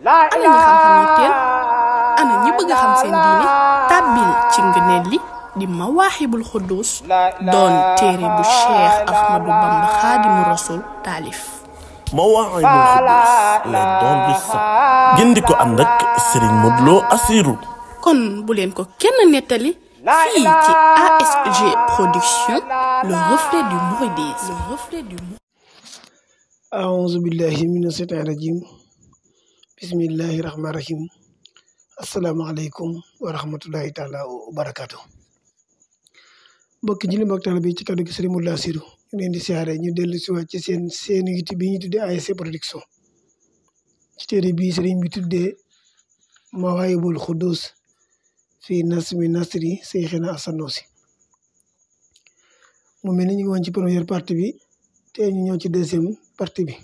ana ñi xam-xam yu teel ana ñi bëgg xam seen diine tàbbil ci ngëneel li di mawaaxibul xuddus doon téere bu Cheikh Ahmadou Bamba xaadimu rasul taalif mawaaxibul ko ànd ak Serigne Modou Lo kon bu leen ko kenn nettali fii ci ASG production le reflet du mouridisme le reflet du mouridisme bismillahi rahmaani rahim asalaamaaleykum wa rahmatullahi taala wa barakaatu. mbokki julli mbokk taalibe bi ci kaddu gi Sëriñ Modu Laasiru ñu di siyaare ñu dellu si waat ci seen seen YouTube bi ñu tuddee ASC production ci téere bii sëriñ bi tuddee Mawaahibul Xuddus fii nasmi nasri Seyxina Asanusi mu mel ni ñu ngi woon ci première parti bi te ñu ñëw ci deuxième parti bi.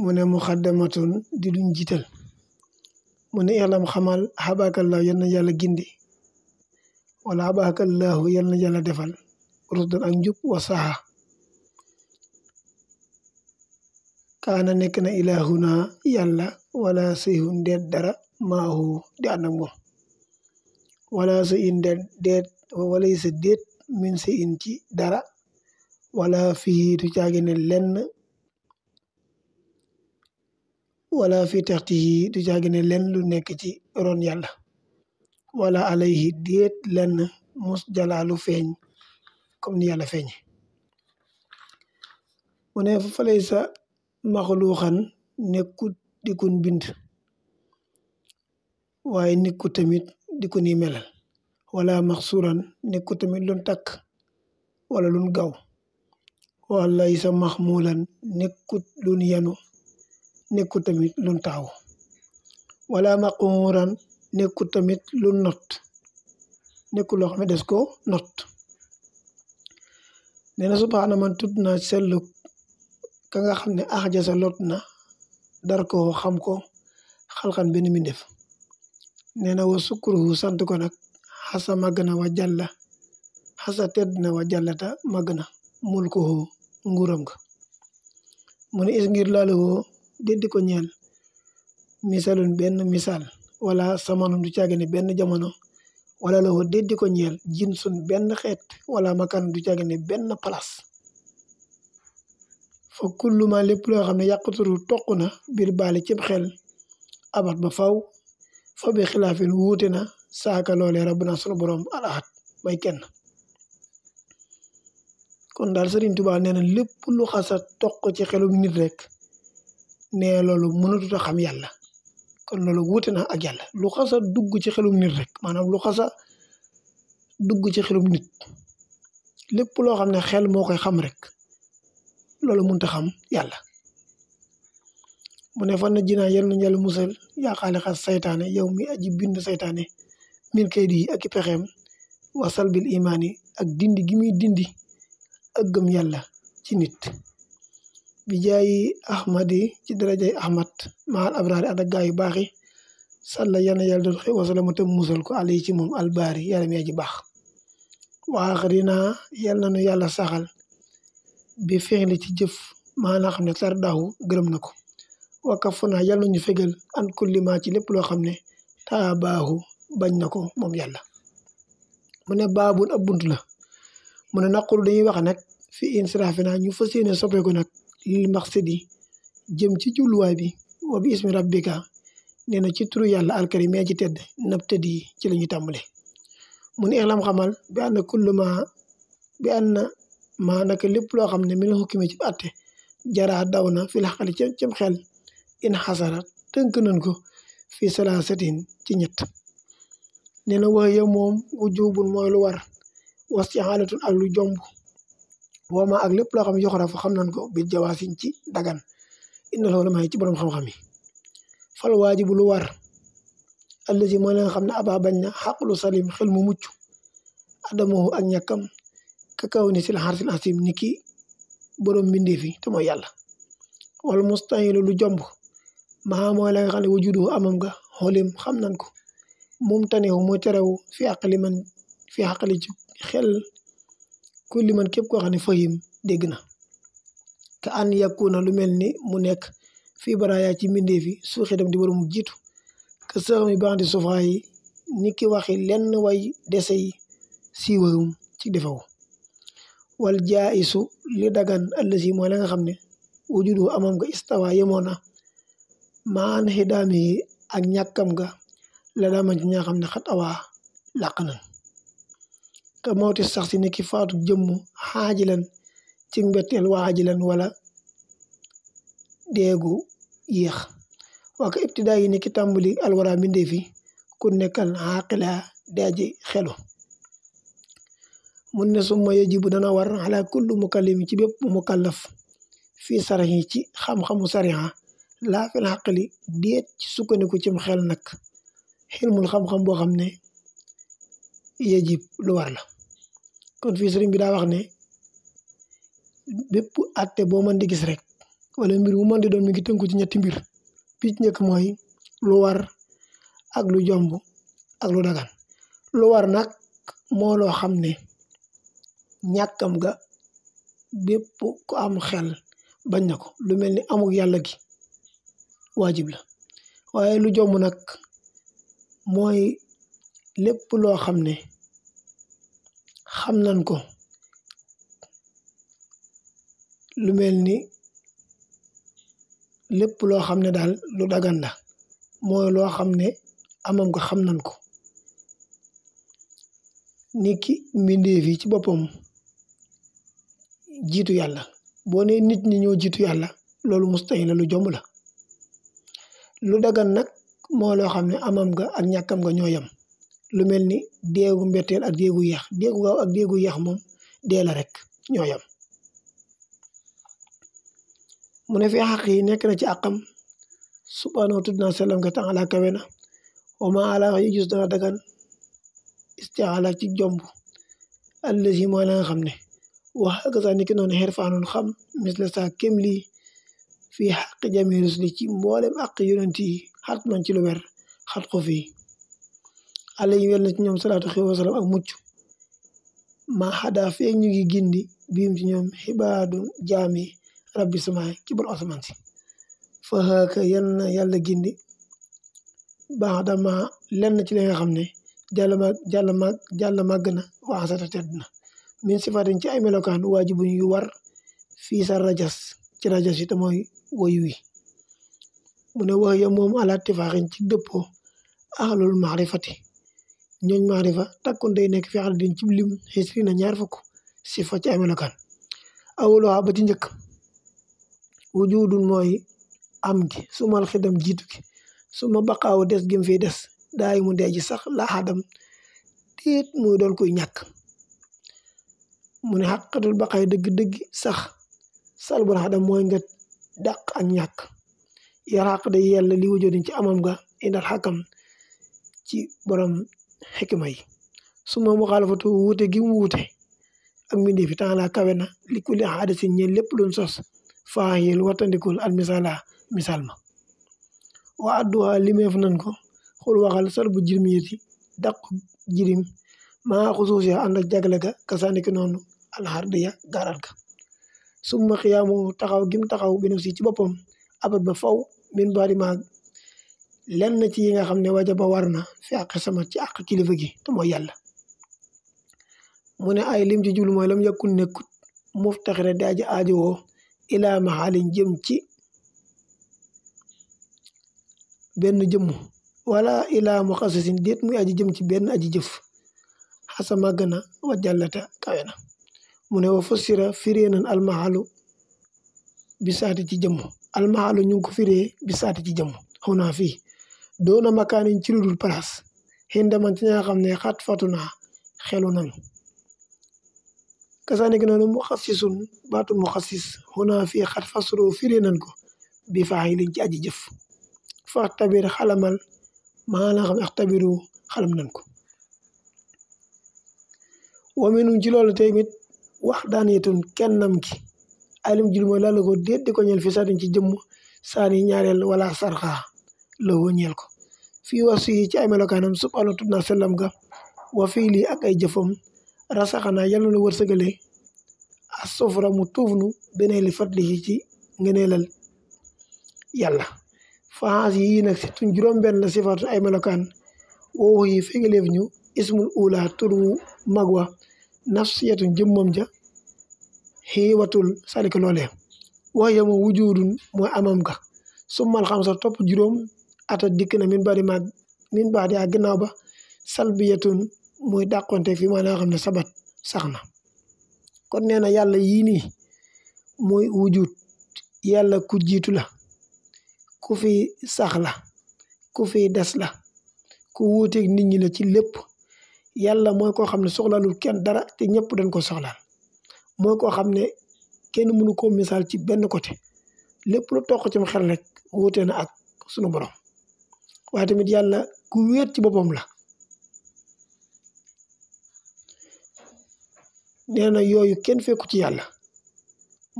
من مخدمة دلون جيتل من يعلم خمال حباك الله ينا يالا جندي ولا حباك الله ينا يالا دفل رد أنجب وصحا كان نكنا إلهنا يالا ولا سيهن ديد دارا ما هو مو ولا سيهن ديد ديد وليس ديد من سيهن تي دارا ولا فيه تجاغن لن wala fi taxtihi du caagi ne lenn lu nekk ci ron yàlla wala alayhi déet lenn mus jalaalu feeñ comme ni yàlla feeñe mu ne fa laysa maxluuxan nekkut di kun bind waaye nekku tamit di ko ni melal wala maxsuuran nekku tamit lu takk wala lun gaw wala laysa maxmuulan nekkut lun yanu nekkul tamit luñ taaw wala maquuran nekkul tamit luñ not nekku loo xam ne des ko not nee na subhaana man tudd naa seetlu ka nga xam ne ax jasa lot na dar ko xam ko xalxan benn mbindéef nee na wa sukkuruhu sant ko nag xasa màgg na wa jàlla xasa tedd na wa jàllata màgg na mul ko nguuram nga mu ne is de di ko ñeel benn misaal wala samanun du caagane benn jamono wala loxo de di ko ñeel benn xeet wala makan du caagane benn place fa kulluma lépp loo xam ne yàquturu toq na biir baale cib xel abat ba faw fa bi xilaafin wuute na saaka loolee rabb naa sunu borom al ahad kenn kon daal Sëriñ Tuubaa nee na lépp lu xasa toq ci xelum nit rek nee loolu mënatut a xam yàlla kon loolu wuute na ak yàlla lu xasa dugg ci xelum nit rek maanaam lu xasa dugg ci xelum nit lépp loo xam ne xel moo koy xam rek loolu mënut a xam yàlla mu ne fan na jinaa yal nañu yàlla musal yaaqaale xas saytaane yow mi aji bind saytaane min kay di ak i pexeem wa salbil imaani ak dindi gi muy dindi ak gëm yàlla ci nit bi jaayi ahmadi ci darajay ahmad maal abraari ànd ak gaa yu baax yi sàlla yana yàlla doon xew wasala mu tam musal ko àll ci moom albaari yàlla mee ji baax waaxarina yàlla nañu yàlla saxal bi fexli ci jëf maanaa xam ne tar daawu gërëm na ko wakafu naa yàlla nañu fegal an kullima ci lépp loo xam ne taa baaxu bañ na ko moom yàlla mu ne baabul ab bunt la mu ne naqul dañuy wax nag fi insirafi naa ñu fas yéene soppeeku nag lil maqsadi jëm ci jubluwaay bi wa bi ismi rabbika nee na ci turu yàlla alkarim mee ci tedd nab tëdd ci la ñuy tàmbale mu ne ilam xamal bi ànd kullu ma bi ànd na naka lépp loo xam ne mi la xukkime ci atte jaraa daw na fi la xaqali xel in xasara tënk nañ ko fii salaasatin ci ñett nee na wax yow moom mooy lu war was ci xaalatul ak lu jomb woomaa ak lépp loo xam ne yoxora fa xam nañ ko bi jawaasin ci dagan inna loolu ci borom xam-xam yi fal waajibu lu war allazi moo leen xam ne abaa bañ na xaqlu salim xel mu mucc adamahu ak ñàkkam kakaw ni borom mbindee fi te mooy yàlla lu jomb maa mooy la nga xam ne wujudu amam ko moom tanewu moo terewu fi àqali man fi àqali ci xel kulli man képp koo xam ne fahim dégg na ka an yàkkuuna lu mel ni mu nekk fii baraayaa ci mbindeef yi su xitam di wara mu jiitu ka saxami bandi ni ki waxi lenn way dese yi siiwarum ci defew wal jaayisu li dagan allasi mooy la xam ne wujudu amam nga istawa yemoon na maan xidaam ak ñàkkam ga la daa man ci ñaa ne xat awaa làq nan ka mawti sax si nekk faatu jëmm xaajilan ci mbetteel waa xaajilan wala deegu yéex waa ka ibtidaa yi nekk tàmbali alwara mbindee fi ku nekkal xaaqila daaji xelu mun ne summa yajibu dana war ala kullu mukallim ci bépp mukallaf fii saraxi ci xam-xamu sarixa laa fil xaqli déet ci sukkandiku cim xel nag xilmul xam-xam boo xam ne yajib lu war la kon fi sëriñ bi daa wax ne bépp atte boo di gis rek wala mbir mu man di doon mi ngi tënku ci ñetti mbir bi ci njëkk lu war ak lu jomb ak lu dagan lu war nag moo loo xam ne ga ko am khel bañ lu mel ni amuk yàlla gi wajib la waye lu jomb nak moy lepp lo xamne xam nan ko lu mel ni lépp loo xam ne daal lu dagan la mooy loo xam ne amam ko xam nañ ko ni ki mbindeef yi ci boppam jiitu yàlla boo nee nit ñi ñoo jiitu yàlla loolu mustahil la lu jomb la lu dagan nag moo loo xam ne amam nga ak ñàkkam nga ñoo yam lu melni deegu mbettel ak deegu yéex deegu gaaw ak deegu yéex mom de la rek ñoyam mune fi haqi nek na ci akam subhanahu wa ta'ala sallam nga taala kawe na wa ma ala yu gis dana dagan istiala ci jombu allazi mooy la xamne wa ne wax ak saa ni ki noonu xeer faanoon xam misla sa kemli fi haqi xaq jami rusli ci mbolem ak yonenti yi xat ci lu wer xat ko fii alayhim yal na ñoom salaatu xew wa salaam ak mucc maa xadaa feeg ñu ngi gindi biim ci ñoom xibaadu jaami rabbi samaay ci bon asamaan si fa xaaka yal gindi baax dama lenn ci li nga xam ne jàll ma jàll màgg na waa sata tedd na min sifaatin ci ay melokaan waajibuñ yu war fii sa rajas ci rajas yi te mooy woyu wi mu ne wax ya moom ala tifaaxin ci dëppoo ahlul maarifati ñooñ maarifa takkoon day nekk fi adadin ci lim xisri na ñaar fukk si fa ci ay melokaan awoluwaa ba ci njëkk wujudun mooy am gi sumal xidam jiitu gi suma baqaawu des gim fi des daay mu dee ji sax laaxadam déet muy doon koy ñàkk mu ne xaqatul baqaay dëgg-dëgg sax salbul xadam mooy nga daq ak ñàkk yar xaq day yàlla li wujudin ci amam ga indal xakam ci borom xikma yi su ma muxaalafatu wuute gi mu ak mbindéef yi tax naa kawe na li kulli aada si ñeen lépp luñ sos faa yéen wattandikul al misaala misaal ma waa adduha limeef nan ko xul waxal sar bu jirmiyati dàqu jirim maa xusuus ya ànd ak jagle ga kasaaniki noonu alxardiya gaaral ga xiyaamu taxaw gim taxaw binaf si ci boppam abat ba faw min baadi maa lenn ci yi nga xam ne wajaba war na fi àq sama ci àq gi te mooy yàlla mu ne ay lim ci jul mooy lam yàkkun nekkut muftaxira daa ji aajowoo ilaa maxaalin jëm ci benn jëmm wala ilaa muxasasin déet muy aji jëm ci benn aji jëf xasa màgg na wa jàllata kawe mu ne wa fassira firee nan almaxalu bi saati ci jëmm almaxalu ñu ngi ko firee bi saati ci jëmm xaw naa fii doona makaanin ci lu dul palaas xinda man ci ñaa xam ne xat fatu naa xelu nañu kasaanik noonu muxassisun baatu muxassis xunaa fii xat fasro firi nan ko bi faaxi liñ ci aji jëf fa tabir xalamal maa la xam axtabiru xalam nan ko waminun ci loolu tamit wax daanitun kennam ki alim jul mooy laal ko déet di ko ñeel fi saatin ci jëmm saani ñaareel wala sarxa loo ñeel ko fii wax yi ci ay melokaanam subhaana tudd naa sellam ga wa fii lii ak ay jëfam rasaxanaa yàlla na wërsëgale asufra mu tuuf nu beneen li fàttali yi ci ngëneelal yàlla faxaas yi nag surtout juróom-benn la sifaatu ay melokaan woowu yi fegaleef ñu ismul ula tur wu mag wa nafsiyatun jëmmam ja xiiwatul salika loole wax ya mu amam ga summal xamsa topp juróom ata dikk na min bari maag min baadi ak ginnaaw ba salbiyatun mooy dàqonte fi ma loo xam ne sabat sax na kon nee na yàlla yii nii mooy wujud yàlla ku jiitu la ku fi saxla ku fi des la ku wuuteeg nit ñi la ci lépp yàlla mooy koo xam ne soxlaalul kenn dara te ñëpp dañ ko soxlaal mooy koo xam ne kenn mënu ko misaal ci benn côté lépp lu toq ci xel rek wuute na ak sunu borom. waaye tamit yàlla ku wéet ci la nee na yooyu kenn fekku ci yàlla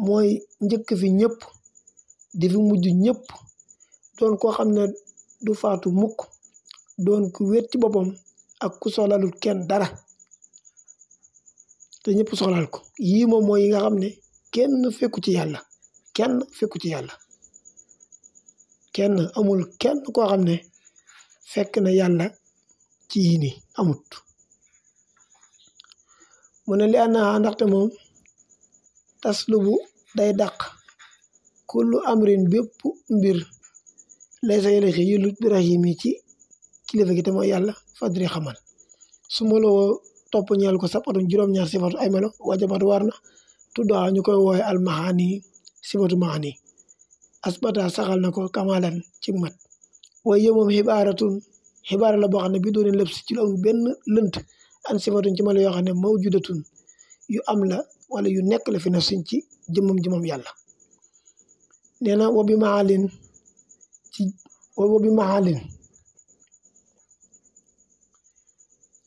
mooy njëkk fi ñëpp di mujj ñëpp doon koo xam ne du faatu mukk doon ku wéet ci boppam ak ku soxlalul kenn dara te ñëpp soxlaal ko yii moom mooy yi nga xam ne kenn fekku ci yàlla kenn fekku ci yàlla kenn amul kenn koo xam ne fekk na yàlla ci yii ni amut mu ne li annaha ndaxte moom taslubu day dàq kullu amrin bépp mbir lay sa yelexi yëlut birahim yi ci kilifa gi te mooy yàlla fadri xamal su ma loo topp ñeel ko sapatu juróom-ñaar sifatu ay melo wajabat war na tuddaa ñu koy wooye almahaani sifatu mahani asbata saxal na ko kamalan ci mat ويوم هبارة هبارة لبغنا بدون لبس تلو بن لنت أن سمات جمال يغنى موجودة يو أملا ولا يو نكلا في نسنك جمم جمم يالا نينا وبمعالين وبمعالين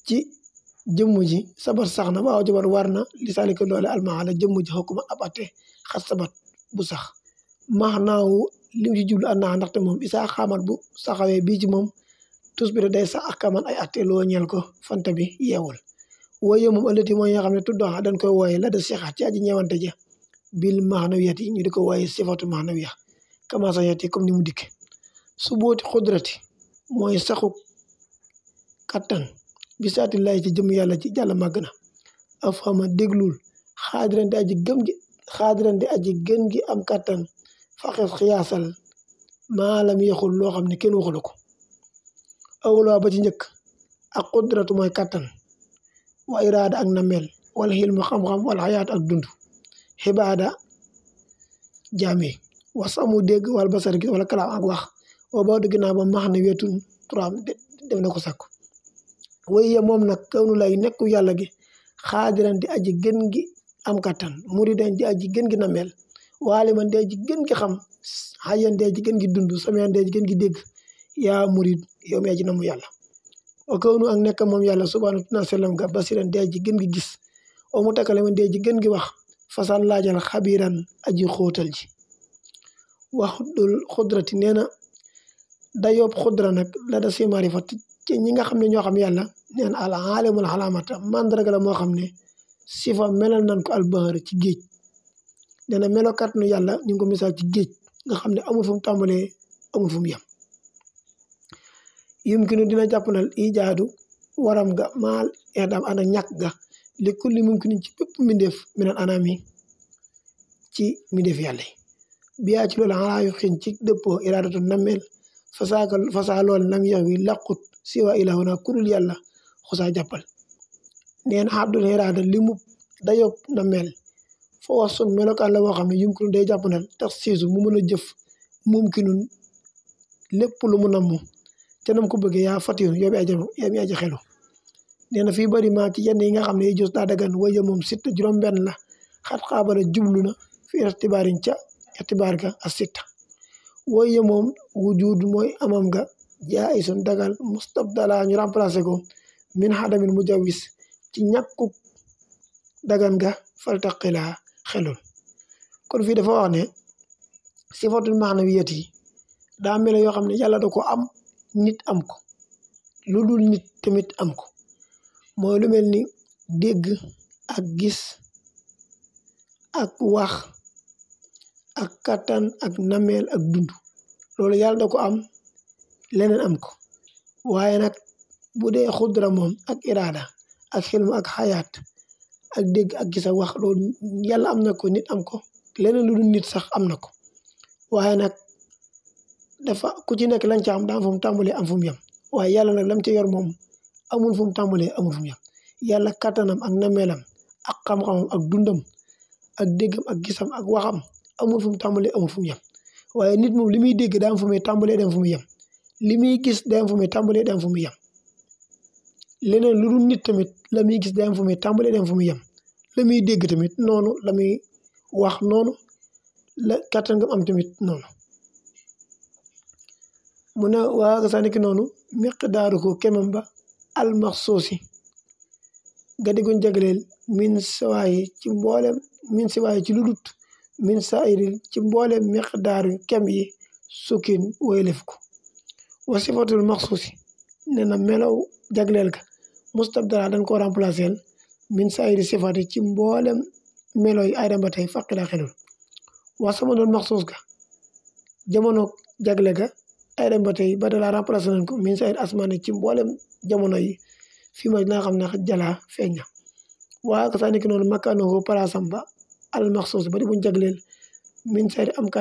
تي جموجي سبر سخنا ما وجبر وارنا لسالك اللولة المعالى جموجي حكومة أباتي خصبت بسخ مهناو li mu ci jublu an naa ndaxte moom isaa xaamat bu saxawee bii moom tus bi day sax ak kaman ay atte loo ko fanta bi yeewul wooye moom ëllëti mooy nga xam ne tuddoxa dañ koy wooye la da sixaa ci aji ñeewante ja bil maanawiyati ñu di ko wooye sifatu maanawiya kamasa yati comme ni mu dikk su booti xudrati mooy saxu kattan bisaati lay ci jëm yàlla ci jàll màgg na afama déglul xaadirante aji gëm gi xaadirante aji gën gi am kattan faqes xiyaasal maa lam yaxul loo xam ne kenn waxula ko awlaa ba ci njëkk ak qudratu mooy kattan wa iraada ak namel wala xilmu xam-xam wala xayaat ak dund xibaada jaami wa samu dégg wala basar gi wala kalaam ak wax wa boo dégg naa ba max na weetun turaam def na ko sakku waaye moom nag kawnu lay nekku yàlla gi xaadiran di aji gën gi am kattan muridan di aji gën gi namel waale man dee ji gën gi xam xayan dee ji gën ki dund sameen dee ji gën ki dégg yaa murid yow mi aji namu yàlla wa kawnu ak nekk moom yàlla subhanahu wa sallam ga basiran dee ji gën gi gis o mu takkale man dee ji gën gi wax fasal laajal xabiran aji xootal ji wax dul xudrati nee na dayoob xudra nag la da si fa ci ñi xam ne ñoo xam yàlla neen al alimul xalaamata moo xam ne sifa melal nan ko albahar ci géej dana melo kàttanu yàlla ñu ko misaal ci géej nga xam ne amul fu mu tàmbalee amul fu mu yem yum kinu dina jàppandal ijaadu waram ga maal edaam ànd ak ñàkk ga li kulli mumkinin ci bépp mbindeef minal anami ci mbindeef yàlla yi biyaa ci loolu alaa yu xin ci dëppoo iraadatu nammeel fasaaka fasaa lool nam yox wi làqut siwa ilahuna kurul yàlla xusaa jàppal neen abdul iraada li mub dayob nammeel fawaasun melokaan la boo xam ne yumkinu day jàppandal tax siisu mu mën a jëf mumkinun lépp lu mu namm te nam ko bëggee yaa fatiyun yow mi aji yow mi xelu nee na fii bari maa ci yenn yi nga xam ne yi jos daa dagan waja moom sitta juróom-benn la xat xaabara jublu na fi irtibaarin ca irtibaar ga ak sitta waja moom wujud mooy amam ga jaa isun dagal mustabdala ñu remplacé ko min xadamin mujawis ci ñàkkuk dagan ga faltaqilaa xelul kon fii dafa wax ne sifatul maanawiyaat yi daa mel yoo xam ne yàlla da ko am nit am ko lu dul nit tamit am ko mooy lu mel ni dégg ak gis ak wax ak kattan ak nameel ak dund loolu yàlla da ko am leneen am ko waaye nag bu dee xudra moom ak iraada ak xilm ak xayaat ak dégg ak gisa ak wax loolu yàlla am na ko nit am ko leneen lu dul nit sax am na ko waaye nag dafa ku ci nekk lañ ca am daa am fu mu tàmbalee am fu mu waaye yàlla nag lam ca yor moom amul fu mu tàmbalee amul fu mu yem yàlla kattanam ak nameelam ak xam-xamam ak dundam ak déggam ak gisam ak waxam amul fu mu tàmbalee amul fu mu waaye nit moom li muy dégg daa am fu muy tàmbalee dem fu muy yem li muy gis daa am fu muy tàmbalee dem leneen lu dul nit tamit la muy gis day am fu muy tàmbalee day am fu muy yem la muy dégg tamit noonu la muy wax noonu la kàttan nga am tamit noonu mu ne waa nga sànni ki noonu miqdaaru ko kemam ba almaxsuusi gadi guñ jagleel min siwaayi ci mboolem min ci lu dut min saayiril ci mboolem miqdaaru kem yi sukkin woylef ko wa sifatul maxsuusi nee na melaw jagleel ka mustabdala dañ koo remplacé min saayiri sifaati ci mboolem melo yi aadama ba tey faqila xelul waa sama doon maxsuus ga jamono jagle ga aadama ba tey ba dalaa remplacé nañ ko min saayiri ci mboolem jamono yi fi ma dinaa xam ne jalaa feeñ na waa ka saani ki noonu ba al maxsuus ba di buñ jagleel min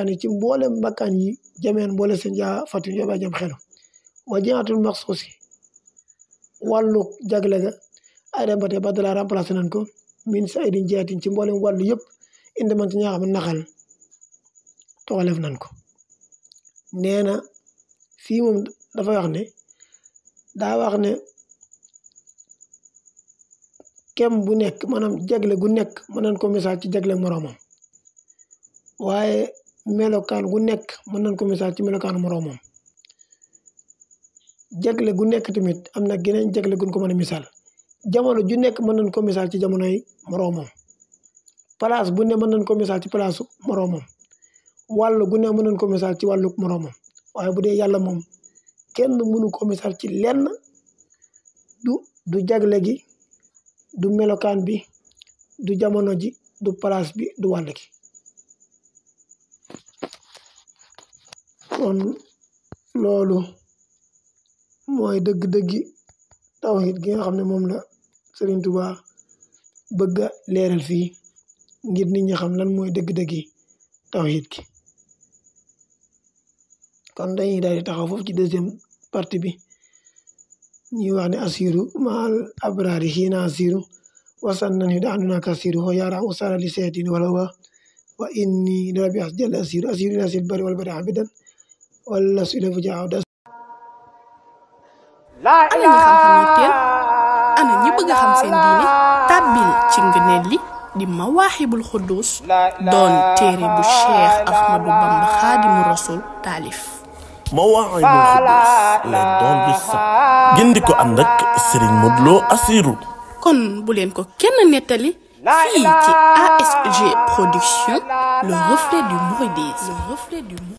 yi ci mboolem makkaan yi jameen mboole seen jam xelu wa jaatul maxsuus yi wallu jagle ga ay dem ba tey Badara remplacé nañ ko min sa idin jeetin ci mboolem wàllu yëpp indi man ci ñaa xam naxal toxaleef nañ ko nee na fii moom dafa wax ne daa wax ne kem bu nekk maanaam jagle gu nekk mën nañ ko misaal ci jagle moroomam waaye melokaan gu nekk mën nañ ko misaal ci melokaan moroomam jagle gu nekk tamit am na geneen jagle gun ko mën a misaal jamono ju nekk mën a ko ci jamonoy moroomam place bu ne mën nañ ko ci place moroomam wàll gu ne mën nañ ci wàllu moroomam waaye bu dee yàlla moom kenn mënu ko misaal ci lenn du du jagle gi du melokaan bi du jamono ji du palaas bi du wàll ki kon loolu mooy dëgg-dëggi tawhid gi na xam ne moom la Serigne Touba bëgg a leeral fii ngir nit ñi xam lan mooy dëgg-dëggi tawhid gi kon dañuy daal di foofu ci deuxième parti bi ñuy wax ne asiru maal abrari xiina asiru wasan nan yu daanu naa kasiru wa yaara usara li seetin wala wa inni dara bi as jël ina sil bari wala bari abidan wala su dafa jaaw ana ñi xam-xam ana ñi bëgg xam seen diine tàbbil ci ngëneel li di mawaaxibul xuddus doon téere bu Cheikh Ahmadou Bamba Xaadimu Rasul taalif mawaaxibul la doon bi sa gindi ko ànd Serigne modlo kon bu leen ko kenn nettali fii ci ASG production le reflet du mouridisme le reflet du